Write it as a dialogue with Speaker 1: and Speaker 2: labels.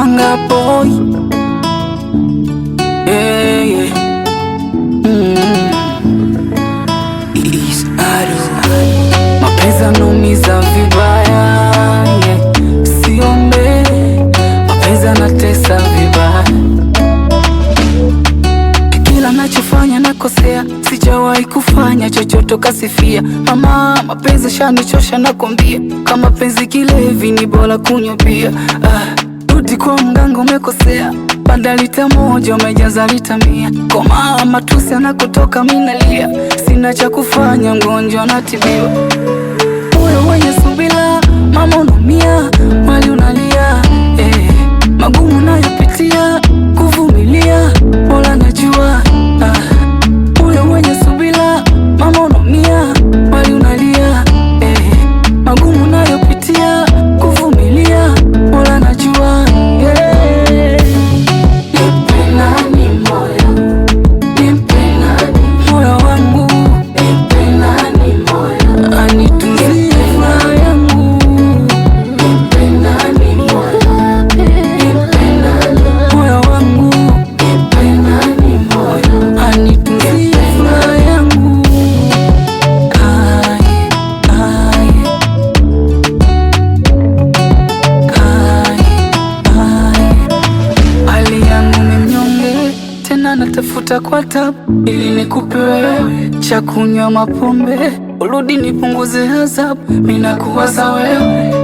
Speaker 1: Anga boy. Yeah, yeah. Mm. Is mapenzi anaumiza vibaya yeah. Siombe mapenzi anatesa vibaya, kila nachofanya nakosea, sijawahi kufanya chochote kasifia. Mama, mapenzi shanichosha, kumbia, kama penzi kilevi ni bora kunywa bia ah kwa mganga umekosea, baada lita moja umejaza lita mia. Komaa matusi anakotoka minalia, sina cha kufanya, mgonjwa natibiwa nitakuvuta kwa tabu ili nikupe wewe cha kunywa mapombe, urudi nipunguze adhabu, kuwaza wewe